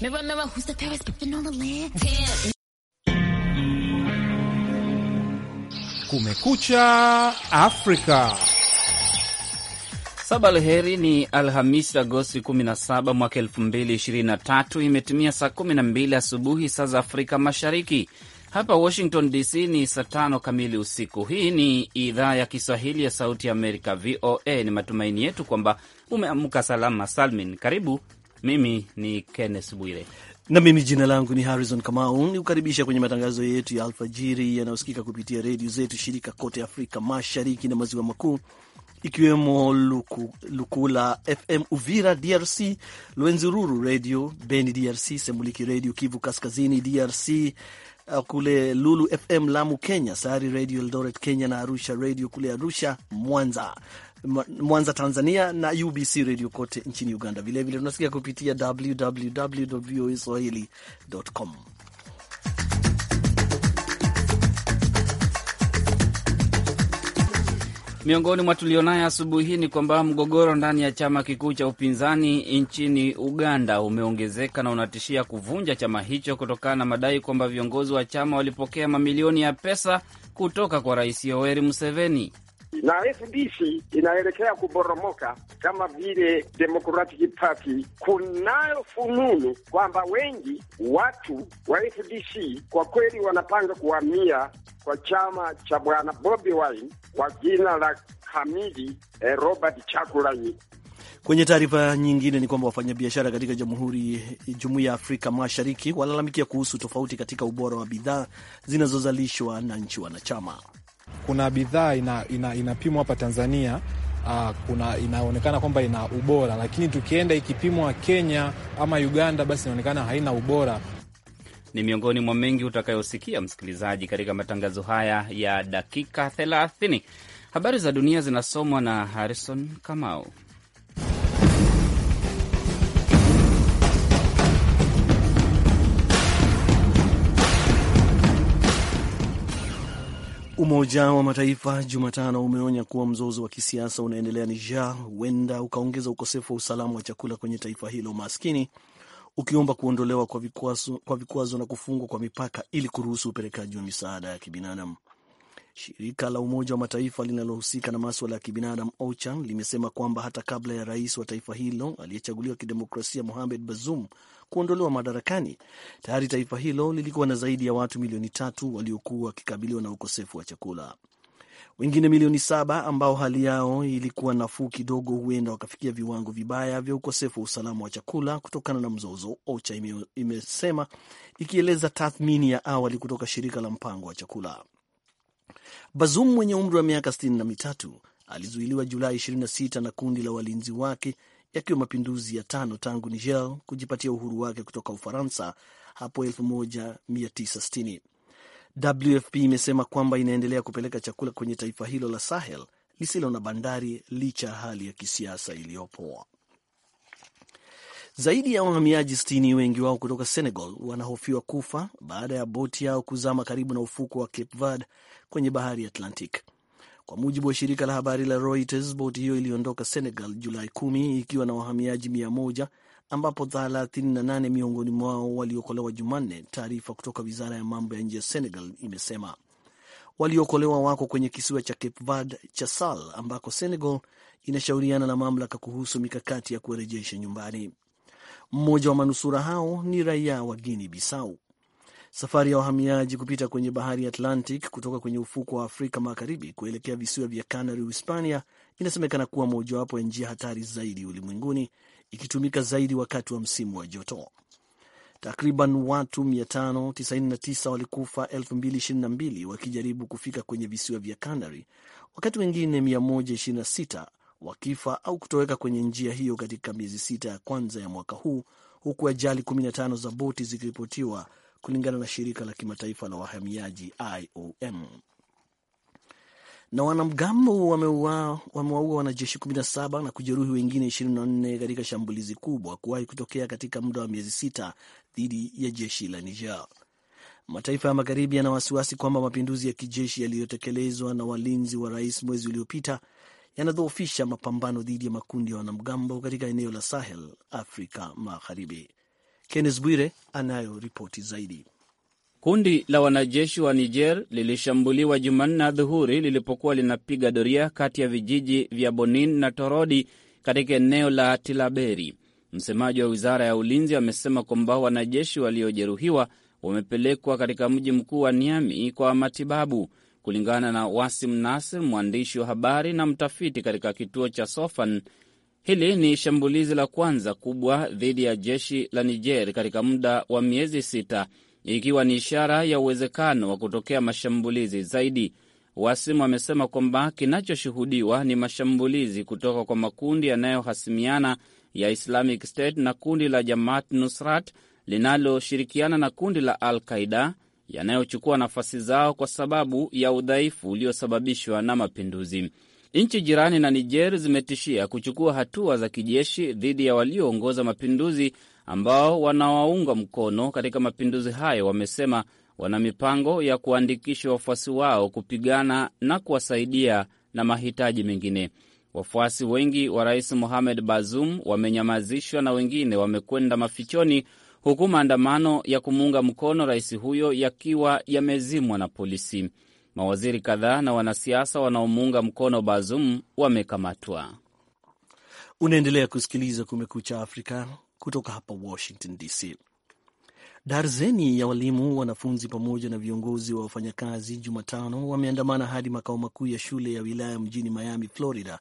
Never, never, justo otra vez, porque no me lee. Kumekucha Afrika. Saba alheri, ni Alhamisi Agosti 17 mwaka 2023, imetimia saa 12 asubuhi saa za Afrika Mashariki. Hapa Washington DC ni saa tano kamili usiku. Hii ni idhaa ya Kiswahili ya Sauti ya Amerika, VOA. Ni matumaini yetu kwamba umeamka salama salmin. Karibu mimi ni Kenneth Bwire na mimi jina langu ni Harrison Kamau, ni kukaribisha kwenye matangazo yetu ya alfajiri yanayosikika kupitia redio zetu shirika kote Afrika Mashariki na Maziwa Makuu, ikiwemo Luku, Lukula FM Uvira DRC, Lwenzururu Radio Beni DRC, Semuliki Radio Kivu Kaskazini DRC, uh, kule Lulu FM Lamu Kenya, Sari Radio Eldoret Kenya na Arusha Radio kule Arusha, Mwanza Mwanza, Tanzania, na UBC redio kote nchini Uganda. Vilevile tunasikia kupitia www voa swahili.com. Miongoni mwa tulionayo asubuhi hii ni kwamba mgogoro ndani ya chama kikuu cha upinzani nchini Uganda umeongezeka na unatishia kuvunja chama hicho kutokana na madai kwamba viongozi wa chama walipokea mamilioni ya pesa kutoka kwa Rais Yoweri Museveni na FDC inaelekea kuboromoka kama vile Democratic Party. Kunayo fununu kwamba wengi watu wa FDC kwa kweli wanapanga kuhamia kwa chama cha bwana Bobi Wine kwa jina la kamili eh, Robert Chakulanyi. Kwenye taarifa nyingine ni kwamba wafanyabiashara katika jamhuri jumuiya ya Afrika Mashariki walalamikia kuhusu tofauti katika ubora wa bidhaa zinazozalishwa na nchi wanachama. Kuna bidhaa inapimwa ina, ina hapa Tanzania Uh, kuna inaonekana kwamba ina ubora, lakini tukienda ikipimwa Kenya ama Uganda, basi inaonekana haina ubora. Ni miongoni mwa mengi utakayosikia msikilizaji, katika matangazo haya ya dakika 30. Habari za dunia zinasomwa na Harrison Kamau. Umoja wa Mataifa Jumatano umeonya kuwa mzozo wa kisiasa unaendelea Niger huenda ukaongeza ukosefu wa usalama wa chakula kwenye taifa hilo maskini, ukiomba kuondolewa kwa vikwazo, kwa vikwazo na kufungwa kwa mipaka ili kuruhusu upelekaji wa misaada ya kibinadamu. Shirika la Umoja wa Mataifa linalohusika na maswala ya kibinadamu OCHA limesema kwamba hata kabla ya rais wa taifa hilo aliyechaguliwa kidemokrasia Mohamed Bazoum kuondolewa madarakani, tayari taifa hilo lilikuwa na zaidi ya watu milioni tatu waliokuwa wakikabiliwa na ukosefu wa chakula. Wengine milioni saba ambao hali yao ilikuwa nafuu kidogo, huenda wakafikia viwango vibaya vya ukosefu wa usalama wa chakula kutokana na mzozo, OCHA imesema ikieleza tathmini ya awali kutoka shirika la mpango wa chakula. Bazoum mwenye umri wa miaka sitini na mitatu alizuiliwa Julai 26 na kundi la walinzi wake yakiwa mapinduzi ya tano tangu Niger kujipatia uhuru wake kutoka Ufaransa hapo 1960. WFP imesema kwamba inaendelea kupeleka chakula kwenye taifa hilo la Sahel lisilo na bandari licha ya hali ya kisiasa iliyopo. Zaidi ya wahamiaji sitini, wengi wao kutoka Senegal, wanahofiwa kufa baada ya boti yao kuzama karibu na ufuko wa Cape Verde kwenye bahari Atlantic. Kwa mujibu wa shirika la habari la Reuters, boti hiyo iliondoka Senegal Julai 10 ikiwa na wahamiaji 1 ambapo 38 miongoni mwao waliokolewa Jumanne, taarifa kutoka wizara ya mambo ya nje ya Senegal imesema. Waliokolewa wako kwenye kisiwa cha Cape Verde cha Sal ambako Senegal inashauriana na mamlaka kuhusu mikakati ya kuwarejesha nyumbani. Mmoja wa manusura hao ni raia wa Guinea Bissau. Safari ya wahamiaji kupita kwenye bahari ya Atlantic kutoka kwenye ufuko wa Afrika Magharibi kuelekea visiwa vya Canary, Uhispania, inasemekana kuwa mojawapo ya njia hatari zaidi ulimwenguni, ikitumika zaidi wakati wa msimu wa joto. Takriban watu 599 walikufa 2022 wakijaribu kufika kwenye visiwa vya Canary, wakati wengine 126 wakifa au kutoweka kwenye njia hiyo katika miezi sita ya kwanza ya mwaka huu, huku ajali 15 za boti zikiripotiwa kulingana na shirika la kimataifa la wahamiaji IOM. Na wanamgambo wamewaua wanajeshi 17 na kujeruhi wengine 24 katika shambulizi kubwa kuwahi kutokea katika muda wa miezi sita dhidi ya jeshi la Niger. Mataifa ya Magharibi yana wasiwasi kwamba mapinduzi ya kijeshi yaliyotekelezwa na walinzi wa rais mwezi uliopita yanadhoofisha mapambano dhidi ya makundi ya wanamgambo katika eneo la Sahel, Afrika Magharibi. Kennes Bwire anayo ripoti zaidi. Kundi la wanajeshi wa Niger lilishambuliwa Jumanne adhuhuri lilipokuwa linapiga doria kati ya vijiji vya Bonin na Torodi katika eneo la Tilaberi. Msemaji wa wizara ya ulinzi amesema kwamba wanajeshi waliojeruhiwa wamepelekwa katika mji mkuu wa Niami kwa matibabu. Kulingana na Wasim Nasir, mwandishi wa habari na mtafiti katika kituo cha Sofan Hili ni shambulizi la kwanza kubwa dhidi ya jeshi la Niger katika muda wa miezi sita, ikiwa ni ishara ya uwezekano wa kutokea mashambulizi zaidi. Wasimu amesema kwamba kinachoshuhudiwa ni mashambulizi kutoka kwa makundi yanayohasimiana ya Islamic State na kundi la Jamaat Nusrat linaloshirikiana na kundi la Al Qaida yanayochukua nafasi zao kwa sababu ya udhaifu uliosababishwa na mapinduzi. Nchi jirani na Niger zimetishia kuchukua hatua za kijeshi dhidi ya walioongoza mapinduzi ambao wanawaunga mkono katika mapinduzi hayo. Wamesema wana mipango ya kuandikisha wafuasi wao kupigana na kuwasaidia na mahitaji mengine. Wafuasi wengi wa rais Mohamed Bazoum wamenyamazishwa na wengine wamekwenda mafichoni, huku maandamano ya kumuunga mkono rais huyo yakiwa yamezimwa na polisi. Mawaziri kadhaa na wanasiasa wanaomuunga mkono Bazoum wamekamatwa. Unaendelea kusikiliza Kumekucha Afrika kutoka hapa Washington DC. Darzeni ya walimu, wanafunzi pamoja na viongozi wa wafanyakazi Jumatano wameandamana hadi makao makuu ya shule ya wilaya mjini Miami, Florida,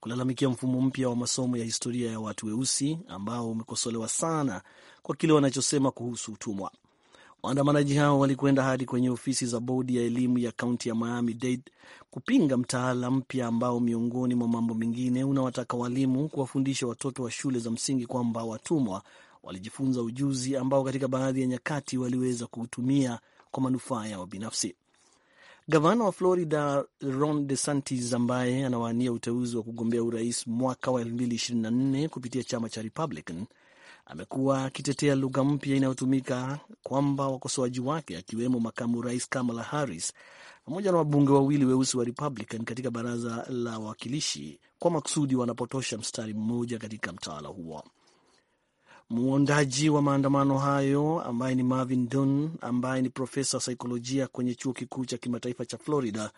kulalamikia mfumo mpya wa masomo ya historia ya watu weusi ambao umekosolewa sana kwa kile wanachosema kuhusu utumwa. Waandamanaji hao walikwenda hadi kwenye ofisi za bodi ya elimu ya kaunti ya Miami Dade kupinga mtaala mpya ambao miongoni mwa mambo mengine unawataka walimu kuwafundisha watoto wa shule za msingi kwamba watumwa walijifunza ujuzi ambao katika baadhi ya nyakati waliweza kuutumia kwa manufaa yao binafsi. Gavana wa Florida Ron De Santis, ambaye anawania uteuzi wa kugombea urais mwaka wa 2024 kupitia chama cha Republican, amekuwa akitetea lugha mpya inayotumika kwamba wakosoaji wake akiwemo makamu rais Kamala Harris pamoja na wabunge wawili weusi wa Republican katika baraza la wawakilishi kwa makusudi wanapotosha mstari mmoja katika mtawala huo. Muondaji wa maandamano hayo ambaye ni Marvin Dunn ambaye ni profesa wa saikolojia kwenye chuo kikuu cha kimataifa cha Florida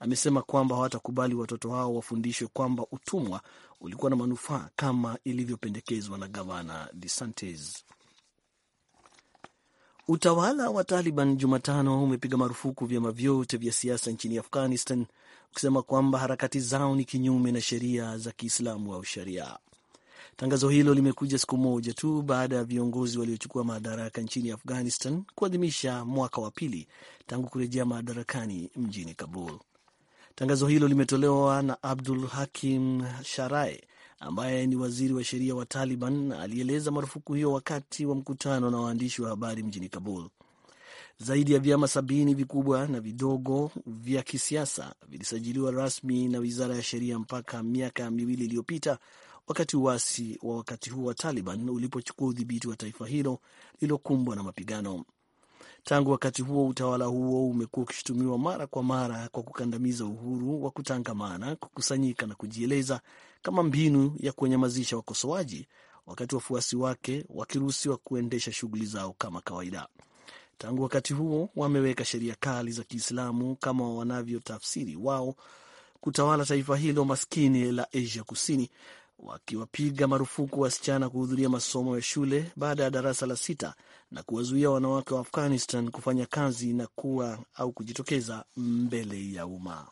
amesema kwamba hawatakubali watoto hao wafundishwe kwamba utumwa ulikuwa na manufaa kama ilivyopendekezwa na gavana DeSantis. Utawala wa Taliban Jumatano umepiga marufuku vyama vyote vya siasa nchini Afghanistan, ukisema kwamba harakati zao ni kinyume na sheria za Kiislamu au Sharia. Tangazo hilo limekuja siku moja tu baada ya viongozi waliochukua madaraka nchini Afghanistan kuadhimisha mwaka wa pili tangu kurejea madarakani mjini Kabul. Tangazo hilo limetolewa na Abdul Hakim Sharai ambaye ni waziri wa sheria wa Taliban alieleza marufuku hiyo wakati wa mkutano na waandishi wa habari mjini Kabul. Zaidi ya vyama sabini vikubwa na vidogo vya kisiasa vilisajiliwa rasmi na wizara ya sheria mpaka miaka miwili iliyopita wakati uasi wa wakati huu wa Taliban ulipochukua udhibiti wa taifa hilo lililokumbwa na mapigano. Tangu wakati huo, utawala huo umekuwa ukishutumiwa mara kwa mara kwa kukandamiza uhuru wa kutangamana, kukusanyika na kujieleza kama mbinu ya kuwanyamazisha wakosoaji, wakati wafuasi wake wakiruhusiwa kuendesha shughuli zao kama kawaida. Tangu wakati huo wameweka sheria kali za Kiislamu kama wanavyotafsiri wao kutawala taifa hilo maskini la Asia Kusini wakiwapiga marufuku wasichana kuhudhuria masomo ya shule baada ya darasa la sita na kuwazuia wanawake wa Afghanistan kufanya kazi na kuwa au kujitokeza mbele ya umma.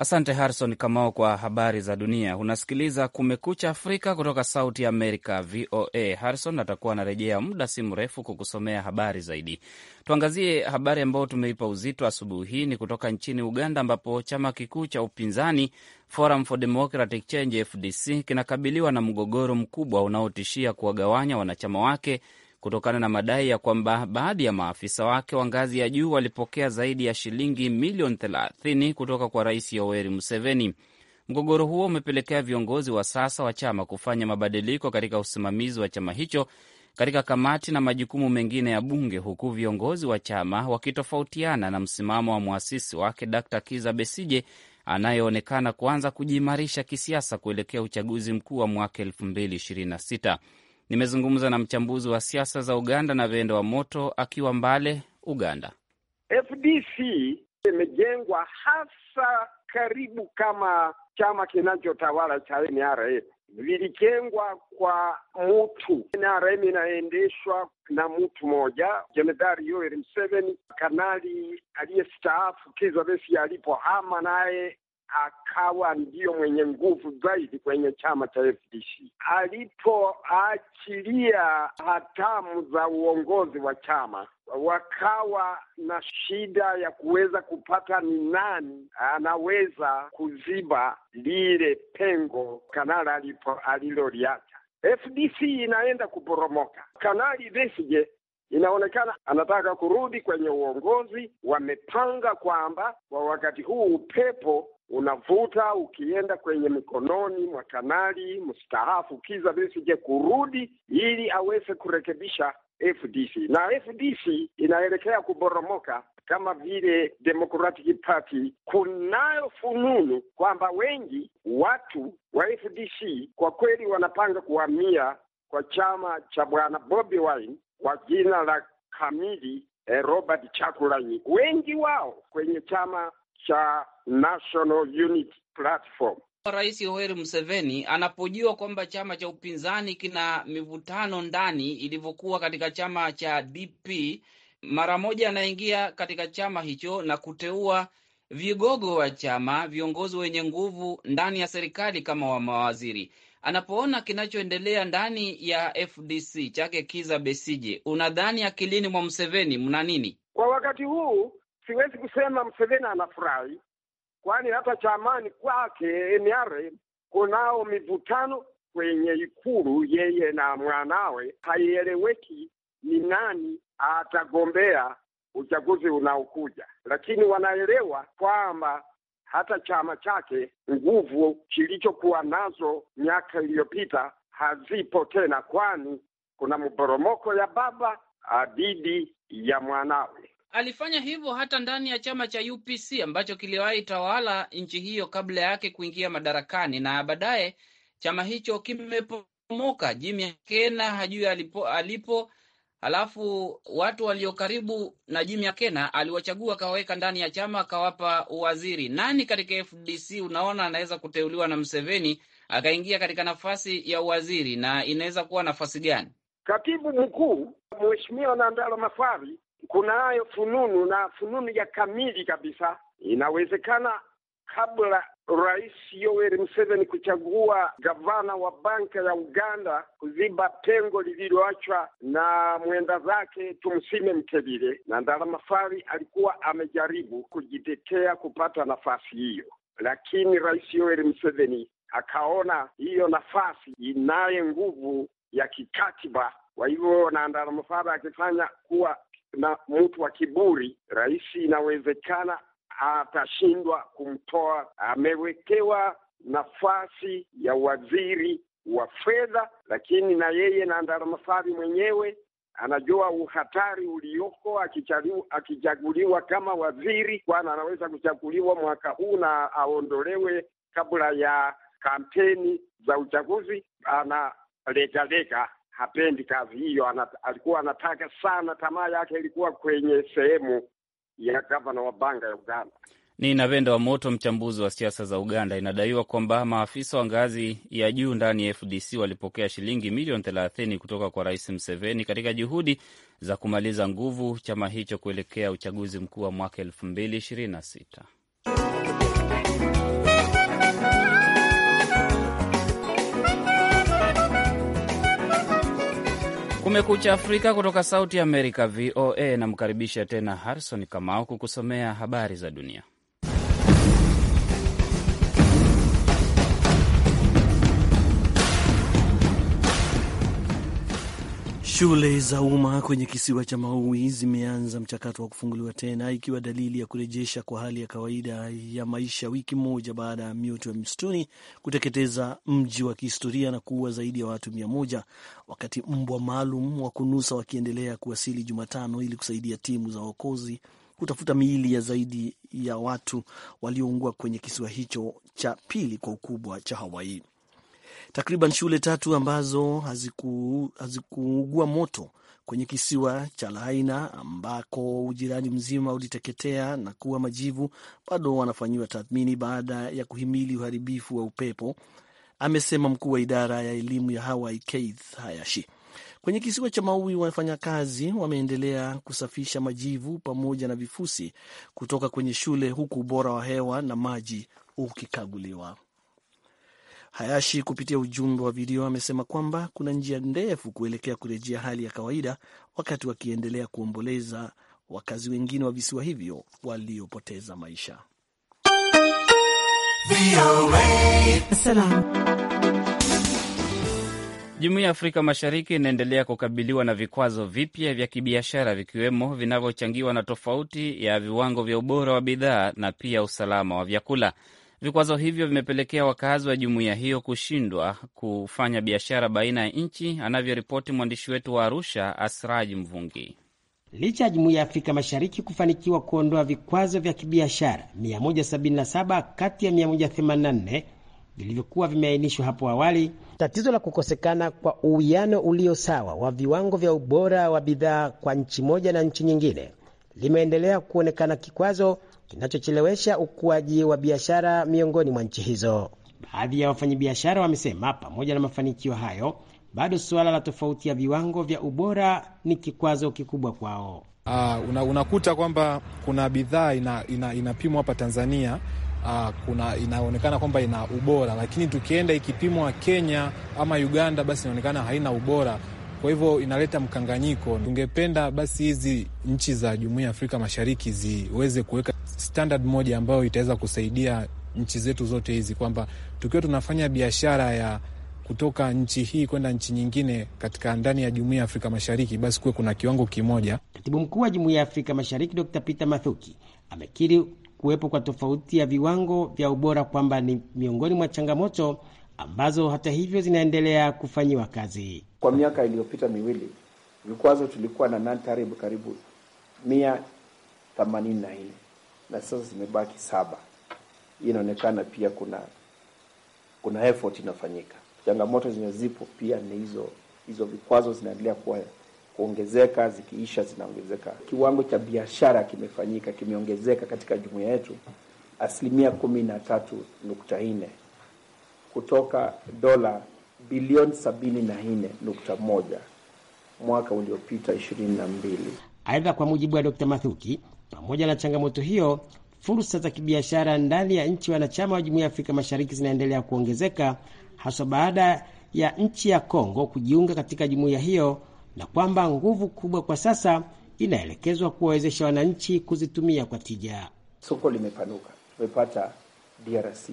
Asante Harrison Kamao kwa habari za dunia. Unasikiliza Kumekucha Afrika kutoka Sauti Amerika, VOA. Harrison atakuwa anarejea muda si mrefu kukusomea habari zaidi. Tuangazie habari ambayo tumeipa uzito asubuhi hii, ni kutoka nchini Uganda ambapo chama kikuu cha upinzani Forum for Democratic Change, FDC, kinakabiliwa na mgogoro mkubwa unaotishia kuwagawanya wanachama wake kutokana na madai ya kwamba baadhi ya maafisa wake wa ngazi ya juu walipokea zaidi ya shilingi milioni 30 kutoka kwa Rais Yoweri Museveni. Mgogoro huo umepelekea viongozi wa sasa wa chama kufanya mabadiliko katika usimamizi wa chama hicho katika kamati na majukumu mengine ya bunge, huku viongozi wa chama wakitofautiana na msimamo wa mwasisi wake Dr. Kiza Besije anayeonekana kuanza kujiimarisha kisiasa kuelekea uchaguzi mkuu wa mwaka 2026. Nimezungumza na mchambuzi wa siasa za Uganda na Vendo wa Moto akiwa Mbale, Uganda. FDC imejengwa hasa karibu kama chama kinachotawala cha NRA vilijengwa kwa mutu. NRM inaendeshwa na mtu moja, Jemedari Yoweri Museveni, kanali aliyestaafu Kizza Besigye alipohama, naye akawa ndiyo mwenye nguvu zaidi kwenye chama cha FDC. Alipoachilia hatamu za uongozi wa chama, wakawa na shida ya kuweza kupata ni nani anaweza kuziba lile pengo Kanali alipo aliloliacha. FDC inaenda kuporomoka. Kanali Besigye inaonekana anataka kurudi kwenye uongozi. Wamepanga kwamba kwa wakati huu upepo unavuta ukienda kwenye mikononi mwa kanali mstaafu Kiza Besigye kurudi ili aweze kurekebisha FDC na FDC inaelekea kuboromoka kama vile Democratic Party. Kunayo fununu kwamba wengi watu wa FDC kwa kweli wanapanga kuhamia kwa chama cha bwana Bobi Wine kwa jina la kamili eh, Robert Chakulanyi, wengi wao kwenye chama cha National Unity Platform. Rais Yoweri Museveni anapojua kwamba chama cha upinzani kina mivutano ndani ilivyokuwa katika chama cha DP, mara moja anaingia katika chama hicho na kuteua vigogo wa chama, viongozi wenye nguvu ndani ya serikali kama wa mawaziri. Anapoona kinachoendelea ndani ya FDC chake Kiza Besije, unadhani akilini mwa Museveni mna nini kwa wakati huu? siwezi kusema Mseveni anafurahi, kwani hata chamani kwake nr kunao mivutano kwenye Ikulu, yeye na mwanawe. Haieleweki ni nani atagombea uchaguzi unaokuja, lakini wanaelewa kwamba hata chama chake nguvu kilichokuwa nazo miaka iliyopita hazipo tena, kwani kuna mporomoko ya baba dhidi ya mwanawe. Alifanya hivyo hata ndani ya chama cha UPC ambacho kiliwahi tawala nchi hiyo kabla yake kuingia madarakani, na baadaye chama hicho kimepomoka Jimmy Akena hajui alipo, alipo Halafu watu walio karibu na Jimmy Akena aliwachagua akawaweka ndani ya chama akawapa uwaziri. Nani katika FDC unaona anaweza kuteuliwa na Mseveni akaingia katika nafasi ya uwaziri, na inaweza kuwa nafasi gani? Katibu mkuu Mheshimiwa Nandalo Mafari kuna hayo fununu na fununu ya kamili kabisa. Inawezekana kabla Rais Yoweri Museveni kuchagua gavana wa banka ya Uganda kuziba pengo lililoachwa na mwenda zake Tumsime Mkebile, na Ndarama alikuwa amejaribu kujitetea kupata nafasi hiyo, lakini Rais Yoweri Museveni akaona hiyo nafasi inaye nguvu ya kikatiba. Kwa hivyo na Ndarama akifanya kuwa na mtu wa kiburi, rais inawezekana atashindwa kumtoa. Amewekewa nafasi ya waziri wa fedha, lakini na yeye na ndaramasari mwenyewe anajua uhatari ulioko akichaguliwa kama waziri, kwana anaweza kuchaguliwa mwaka huu na aondolewe kabla ya kampeni za uchaguzi. Analegalega hapendi kazi hiyo anata, alikuwa anataka sana, tamaa yake ilikuwa kwenye sehemu ya gavana wa Banga ya Uganda. Ni Navenda wa Moto, mchambuzi wa siasa za Uganda. Inadaiwa kwamba maafisa wa ngazi ya juu ndani ya FDC walipokea shilingi milioni thelathini kutoka kwa Rais Mseveni katika juhudi za kumaliza nguvu chama hicho kuelekea uchaguzi mkuu wa mwaka elfu mbili ishirini na sita. Kumekucha Afrika kutoka Sauti ya Amerika, VOA. Namkaribisha tena Harrison Kamau kukusomea habari za dunia. Shule za umma kwenye kisiwa cha Maui zimeanza mchakato wa kufunguliwa tena ikiwa dalili ya kurejesha kwa hali ya kawaida ya maisha, wiki moja baada ya mioto ya msituni kuteketeza mji wa kihistoria na kuua zaidi ya watu mia moja, wakati mbwa maalum wa kunusa wakiendelea kuwasili Jumatano ili kusaidia timu za waokozi kutafuta miili ya zaidi ya watu walioungua kwenye kisiwa hicho cha pili kwa ukubwa cha Hawaii. Takriban shule tatu ambazo hazikuugua haziku moto kwenye kisiwa cha Lahaina ambako ujirani mzima uliteketea na kuwa majivu bado wanafanyiwa tathmini baada ya kuhimili uharibifu wa upepo, amesema mkuu wa idara ya elimu ya Hawaii Keith Hayashi. Kwenye kisiwa cha Maui, wafanyakazi wameendelea kusafisha majivu pamoja na vifusi kutoka kwenye shule, huku ubora wa hewa na maji ukikaguliwa. Hayashi kupitia ujumbe wa video amesema kwamba kuna njia ndefu kuelekea kurejea hali ya kawaida, wakati wakiendelea kuomboleza wakazi wengine wa visiwa hivyo waliopoteza maisha. Jumuiya ya Afrika Mashariki inaendelea kukabiliwa na vikwazo vipya vya kibiashara vikiwemo vinavyochangiwa na tofauti ya viwango vya ubora wa bidhaa na pia usalama wa vyakula. Vikwazo hivyo vimepelekea wakazi wa jumuiya hiyo kushindwa kufanya biashara baina ya nchi, anavyoripoti mwandishi wetu wa Arusha, Asraji Mvungi. Licha ya jumuiya ya Afrika Mashariki kufanikiwa kuondoa vikwazo vya kibiashara 177 kati ya 184 vilivyokuwa vimeainishwa hapo awali, tatizo la kukosekana kwa uwiano ulio sawa wa viwango vya ubora wa bidhaa kwa nchi moja na nchi nyingine limeendelea kuonekana kikwazo kinachochelewesha ukuaji wa biashara miongoni mwa nchi hizo. Baadhi ya wafanyabiashara wamesema pamoja na mafanikio hayo, bado suala la tofauti ya viwango vya ubora ni kikwazo kikubwa kwao. Uh, una, unakuta kwamba kuna bidhaa inapimwa ina, ina hapa Tanzania uh, kuna inaonekana kwamba ina ubora, lakini tukienda ikipimwa Kenya ama Uganda, basi inaonekana haina ubora kwa hivyo inaleta mkanganyiko. Tungependa basi hizi nchi za Jumuiya ya Afrika Mashariki ziweze kuweka standard moja ambayo itaweza kusaidia nchi zetu zote hizi, kwamba tukiwa tunafanya biashara ya kutoka nchi hii kwenda nchi nyingine katika ndani ya Jumuiya ya Afrika Mashariki, basi kuwe kuna kiwango kimoja. Katibu mkuu wa Jumuiya ya Afrika Mashariki Dr Peter Mathuki amekiri kuwepo kwa tofauti ya viwango vya ubora kwamba ni miongoni mwa changamoto ambazo hata hivyo zinaendelea kufanyiwa kazi. Kwa miaka iliyopita miwili, vikwazo tulikuwa na nantaribu karibu mia themanini na nne na sasa zimebaki saba. Inaonekana pia kuna kuna effort inafanyika. Changamoto zinazipo pia ni hizo hizo, vikwazo zinaendelea kuwa kuongezeka, zikiisha zinaongezeka. Kiwango cha biashara kimefanyika kimeongezeka katika jumuiya yetu asilimia kumi na tatu nukta nne kutoka dola bilioni moja mwaka uliopita mbili. Aidha, kwa mujibu wa Dr. Mathuki, pamoja na changamoto hiyo, fursa za kibiashara ndani ya nchi wanachama wa Jumuiya ya Afrika Mashariki zinaendelea kuongezeka haswa baada ya nchi ya Kongo kujiunga katika jumuiya hiyo, na kwamba nguvu kubwa kwa sasa inaelekezwa kuwawezesha wananchi kuzitumia kwa tija. Soko limepanuka, tumepata DRC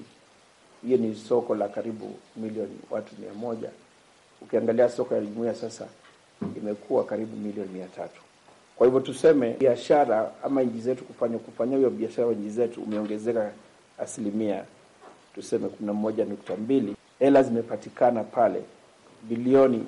hiyo ni soko la karibu milioni watu mia moja. Ukiangalia soko ya jumuia sasa imekuwa karibu milioni mia tatu. Kwa hivyo tuseme biashara ama nchi zetu kufanya kufanya hiyo biashara nchi zetu umeongezeka asilimia tuseme kumi na moja nukta mbili. Hela zimepatikana pale bilioni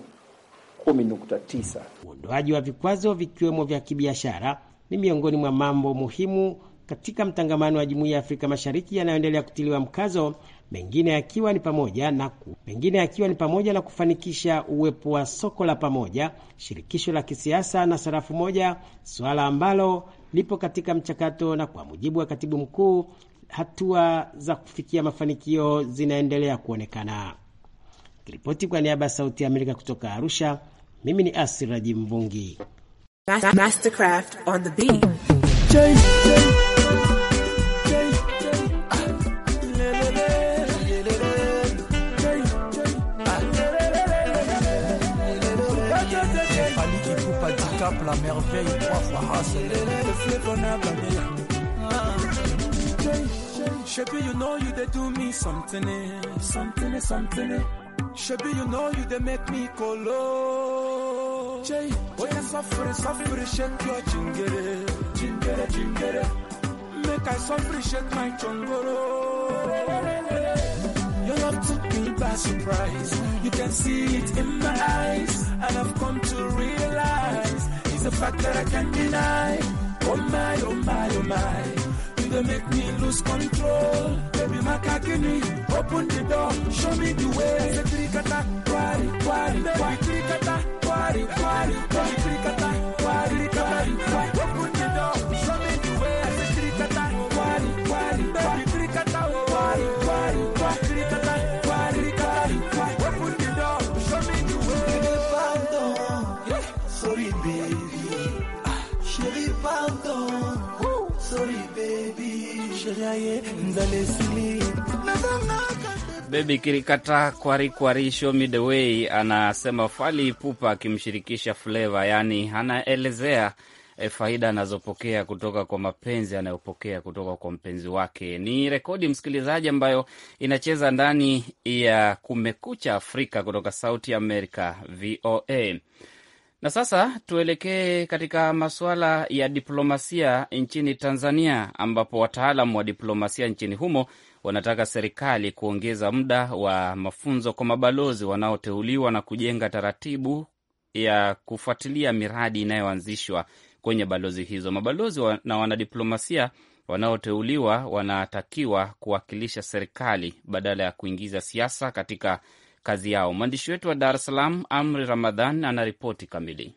kumi nukta tisa. Uondoaji wa vikwazo vikiwemo vya kibiashara ni miongoni mwa mambo muhimu katika mtangamano wa jumuia ya Afrika Mashariki yanayoendelea kutiliwa mkazo mengine yakiwa ni pamoja na ku, mengine yakiwa ni pamoja na kufanikisha uwepo wa soko la pamoja, shirikisho la kisiasa na sarafu moja, suala ambalo lipo katika mchakato, na kwa mujibu wa katibu mkuu, hatua za kufikia mafanikio zinaendelea kuonekana. Kiripoti kwa niaba ya Sauti ya Amerika kutoka Arusha, mimi ni Asiraji Mvungi. Mastercraft on the beat. merveille, trois fois hustle it. If you gonna believe Shabi, you know you they do me something, something, something. Eh? Shabi, you know you they make me colo. Jay, oh yeah, suffer, suffer, shake your jingle, jingle, jingle. Make I suffer, shake my chongoro. Your love took me by surprise. You can see it in my eyes, and I've come to realize it's a fact that I can't deny. Oh my, oh my, oh my. You don't make me lose control. Baby, my kakini, open the door, show me the way. I say, Trikata, quari. Kwari, Kwari, Trikata, quari, quari. Kwari, Trikata, Kwari, quari, quari. Bebi kirikata kwari kwari show me the way, anasema fali pupa akimshirikisha Fleva, yaani anaelezea E, faida anazopokea kutoka kwa mapenzi anayopokea kutoka kwa mpenzi wake. Ni rekodi msikilizaji, ambayo inacheza ndani ya Kumekucha Afrika kutoka Sauti Amerika VOA. Na sasa tuelekee katika masuala ya diplomasia nchini Tanzania, ambapo wataalam wa diplomasia nchini humo wanataka serikali kuongeza muda wa mafunzo kwa mabalozi wanaoteuliwa na kujenga taratibu ya kufuatilia miradi inayoanzishwa kwenye balozi hizo. Mabalozi na wanadiplomasia wanaoteuliwa wanatakiwa kuwakilisha serikali badala ya kuingiza siasa katika kazi yao. Mwandishi wetu wa Dar es Salaam, Amri Ramadhan, anaripoti kamili.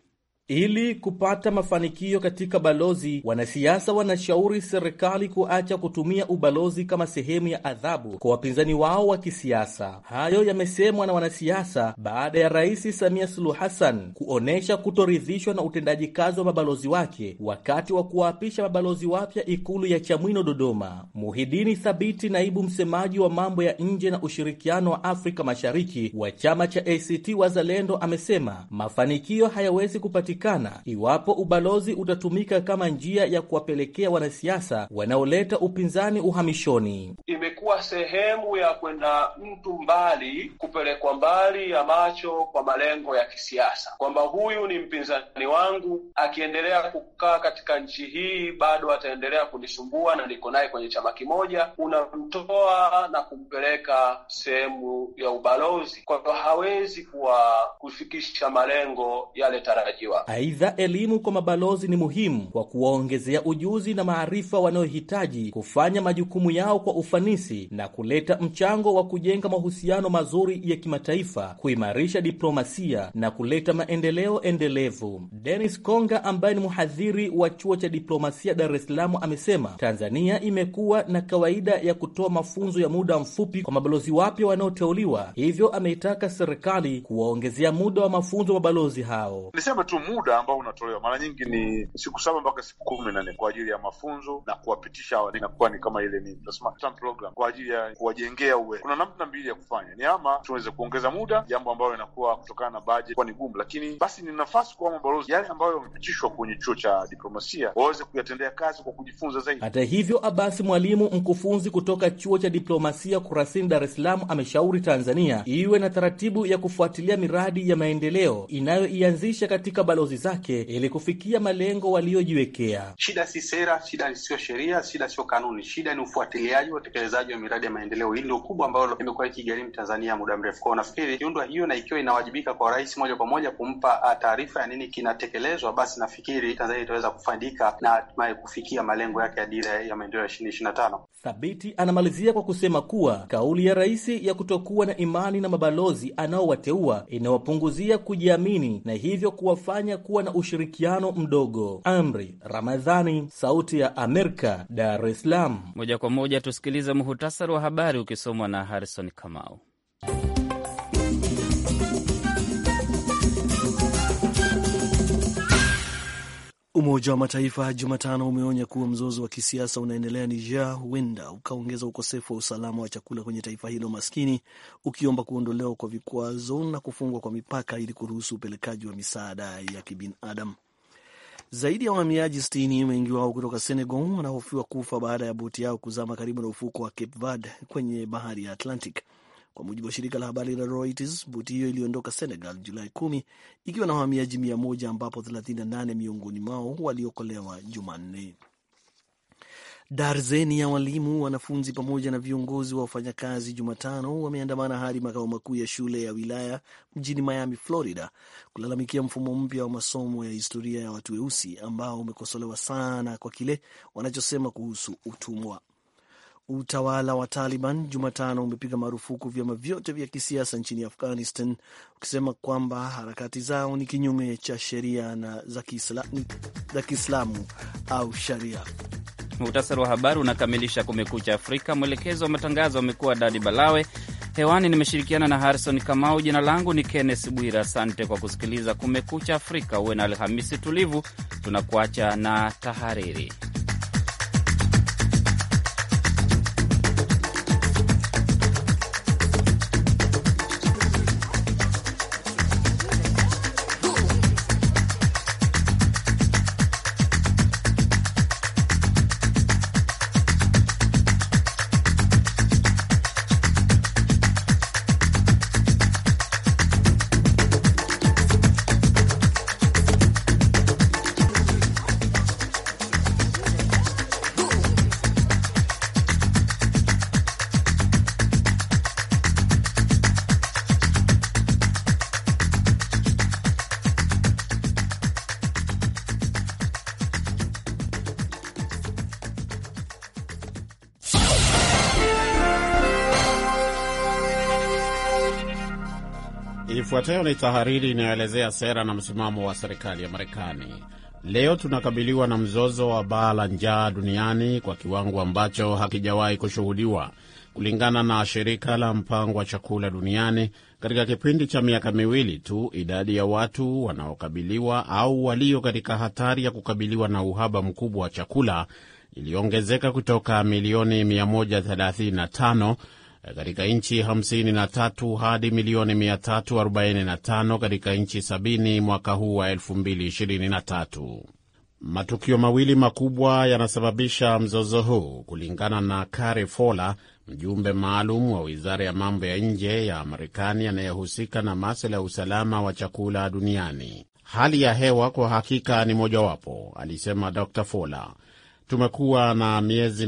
Ili kupata mafanikio katika balozi, wanasiasa wanashauri serikali kuacha kutumia ubalozi kama sehemu ya adhabu kwa wapinzani wao wa kisiasa. Hayo yamesemwa na wanasiasa baada ya Rais Samia Suluhu Hassan kuonyesha kutoridhishwa na utendaji kazi wa mabalozi wake wakati wa kuwaapisha mabalozi wapya Ikulu ya Chamwino, Dodoma. Muhidini Thabiti, naibu msemaji wa mambo ya nje na ushirikiano wa Afrika Mashariki wa chama cha ACT Wazalendo, amesema mafanikio hayawezi kupatikana kujulikana iwapo ubalozi utatumika kama njia ya kuwapelekea wanasiasa wanaoleta upinzani uhamishoni. Imekuwa sehemu ya kwenda mtu mbali, kupelekwa mbali ya macho kwa malengo ya kisiasa, kwamba huyu ni mpinzani wangu, akiendelea kukaa katika nchi hii bado ataendelea kunisumbua na niko naye kwenye chama kimoja. Unamtoa na kumpeleka sehemu ya ubalozi, kwa hawezi kuwa kufikisha malengo yale tarajiwa. Aidha, elimu kwa mabalozi ni muhimu kwa kuwaongezea ujuzi na maarifa wanayohitaji kufanya majukumu yao kwa ufanisi na kuleta mchango wa kujenga mahusiano mazuri ya kimataifa, kuimarisha diplomasia na kuleta maendeleo endelevu. Dennis Konga ambaye ni mhadhiri wa chuo cha diplomasia Dar es Salaam amesema Tanzania imekuwa na kawaida ya kutoa mafunzo ya muda mfupi kwa mabalozi wapya wanaoteuliwa, hivyo ameitaka serikali kuwaongezea muda wa mafunzo mabalozi hao. tu muda ambao unatolewa mara nyingi ni siku saba mpaka siku kumi na nne kwa ajili ya mafunzo na kuwapitisha hawa, inakuwa ni kama ile nini tunasema program kwa ajili ya kuwajengea uwe. Kuna namna mbili ya kufanya, ni ama tuweze kuongeza muda, jambo ambalo inakuwa kutokana na bajeti kuwa ni gumu, lakini basi ni nafasi kwa mabalozi yale ambayo yamepitishwa kwenye chuo cha diplomasia waweze kuyatendea kazi kwa kujifunza zaidi. Hata hivyo, Abasi Mwalimu, mkufunzi kutoka chuo cha diplomasia Kurasini, Dar es Salaam, ameshauri Tanzania iwe na taratibu ya kufuatilia miradi ya maendeleo inayoianzisha katika balozi balozi zake ili kufikia malengo waliojiwekea Shida si sera, shida sio sheria, shida siyo kanuni, shida ni ufuatiliaji wa utekelezaji wa miradi ya maendeleo. Hili ndio kubwa ambalo imekuwa ikigharimu Tanzania muda mrefu kwao. Nafikiri kiundwa hiyo na ikiwa inawajibika kwa rais moja kwa moja kumpa ah, taarifa ya nini kinatekelezwa, basi nafikiri Tanzania itaweza kufaidika na hatimaye kufikia malengo yake ya dira ya maendeleo ya ishirini ishirini na tano. Thabiti anamalizia kwa kusema kuwa kauli ya rais ya kutokuwa na imani na mabalozi anaowateua inawapunguzia kujiamini na hivyo kuwafanya Kenya kuwa na ushirikiano mdogo. Amri Ramadhani, Sauti ya Amerika, Dar es Salaam. Moja kwa moja tusikilize muhutasari wa habari ukisomwa na Harrison Kamau. Umoja wa Mataifa Jumatano umeonya kuwa mzozo wa kisiasa unaendelea Niger huenda ukaongeza ukosefu wa usalama wa chakula kwenye taifa hilo maskini, ukiomba kuondolewa kwa vikwazo na kufungwa kwa mipaka ili kuruhusu upelekaji wa misaada ya kibinadamu. Zaidi ya wahamiaji s wengi wao kutoka Senegal wanahofiwa kufa baada ya boti yao kuzama karibu na ufuko wa Cape Verde kwenye bahari ya Atlantic. Kwa mujibu wa shirika la habari la Reuters, boti hiyo iliondoka Senegal Julai kumi ikiwa na wahamiaji mia moja ambapo 38 miongoni mwao waliokolewa Jumanne. Darzeni ya walimu, wanafunzi pamoja na viongozi wa wafanyakazi Jumatano wameandamana hadi makao makuu ya shule ya wilaya mjini Miami, Florida, kulalamikia mfumo mpya wa masomo ya historia ya watu weusi ambao umekosolewa sana kwa kile wanachosema kuhusu utumwa. Utawala wa Taliban Jumatano umepiga marufuku vyama vyote vya kisiasa nchini Afghanistan, ukisema kwamba harakati zao ni kinyume cha sheria na za Kiislamu au sharia. Muhtasari wa habari unakamilisha Kumekucha Afrika. Mwelekezo wa matangazo amekuwa Dadi Balawe. Hewani nimeshirikiana na Harrison Kamau. Jina langu ni Kenneth Bwira. Asante kwa kusikiliza Kumekucha Afrika. Uwe na Alhamisi tulivu. Tunakuacha na tahariri. Ifuatayo ni tahariri inayoelezea sera na msimamo wa serikali ya Marekani. Leo tunakabiliwa na mzozo wa baa la njaa duniani kwa kiwango ambacho hakijawahi kushuhudiwa kulingana na shirika la mpango wa chakula duniani. Katika kipindi cha miaka miwili tu, idadi ya watu wanaokabiliwa au walio katika hatari ya kukabiliwa na uhaba mkubwa wa chakula iliongezeka kutoka milioni 135 katika nchi 53 hadi milioni 345 katika nchi 70 mwaka huu wa 2023. Matukio mawili makubwa yanasababisha mzozo huu kulingana na Kari Fola, mjumbe maalum wa wizara ya mambo ya nje ya Marekani anayehusika na masuala ya usalama wa chakula duniani. Hali ya hewa kwa hakika ni mojawapo, alisema Dr Fola. Tumekuwa na miezi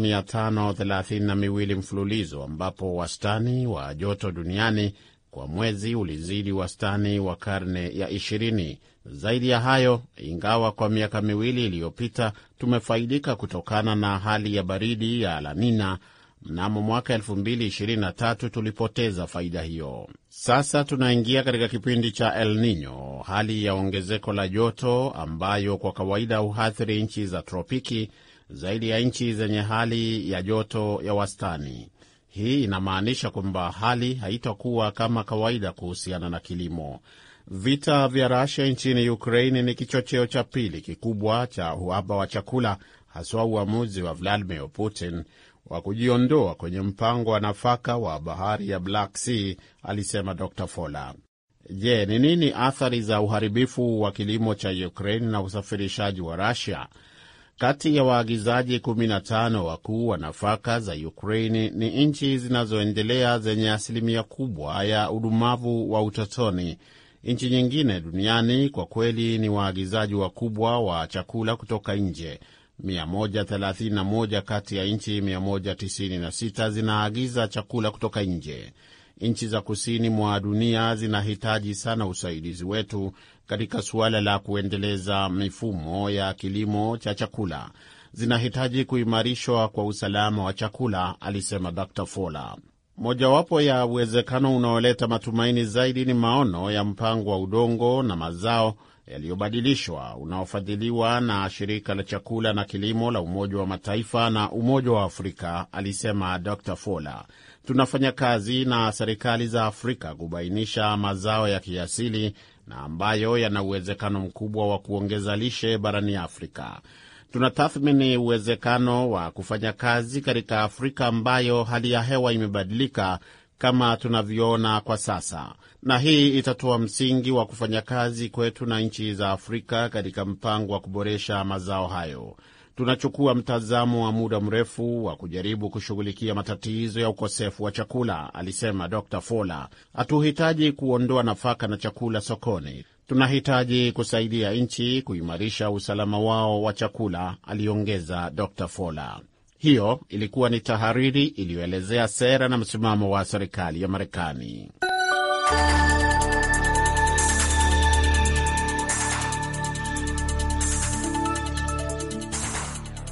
miwili mfululizo ambapo wastani wa joto duniani kwa mwezi ulizidi wastani wa karne ya 20. Zaidi ya hayo, ingawa kwa miaka miwili iliyopita tumefaidika kutokana na hali ya baridi ya La Nina, mnamo mwaka 2023 tulipoteza faida hiyo. Sasa tunaingia katika kipindi cha El Nino, hali ya ongezeko la joto ambayo kwa kawaida huathiri nchi za tropiki zaidi ya nchi zenye hali ya joto ya wastani. Hii inamaanisha kwamba hali haitakuwa kama kawaida kuhusiana na kilimo. Vita vya Rusia nchini Ukraini ni kichocheo cha pili kikubwa cha uhaba wa chakula, haswa uamuzi wa Vladimir Putin wa kujiondoa kwenye mpango wa nafaka wa bahari ya Black Sea, alisema Dr Fola. Je, ni nini athari za uharibifu wa kilimo cha Ukraini na usafirishaji wa Rusia? Kati ya waagizaji 15 wakuu wa nafaka za Ukraini ni nchi zinazoendelea zenye asilimia kubwa ya udumavu wa utotoni. Nchi nyingine duniani kwa kweli ni waagizaji wakubwa wa chakula kutoka nje. 131 kati ya nchi 196 zinaagiza chakula kutoka nje. Nchi za kusini mwa dunia zinahitaji sana usaidizi wetu katika suala la kuendeleza mifumo ya kilimo cha chakula zinahitaji kuimarishwa kwa usalama wa chakula, alisema Dr Fola. Mojawapo ya uwezekano unaoleta matumaini zaidi ni maono ya mpango wa udongo na mazao yaliyobadilishwa unaofadhiliwa na shirika la chakula na kilimo la Umoja wa Mataifa na Umoja wa Afrika, alisema Dr Fola. Tunafanya kazi na serikali za Afrika kubainisha mazao ya kiasili na ambayo yana uwezekano mkubwa wa kuongeza lishe barani Afrika. Tunatathmini uwezekano wa kufanya kazi katika Afrika ambayo hali ya hewa imebadilika kama tunavyoona kwa sasa, na hii itatoa msingi wa kufanya kazi kwetu na nchi za Afrika katika mpango wa kuboresha mazao hayo. Tunachukua mtazamo wa muda mrefu wa kujaribu kushughulikia matatizo ya ukosefu wa chakula, alisema Dr Fola. Hatuhitaji kuondoa nafaka na chakula sokoni, tunahitaji kusaidia nchi kuimarisha usalama wao wa chakula, aliongeza Dr Fola. Hiyo ilikuwa ni tahariri iliyoelezea sera na msimamo wa serikali ya Marekani.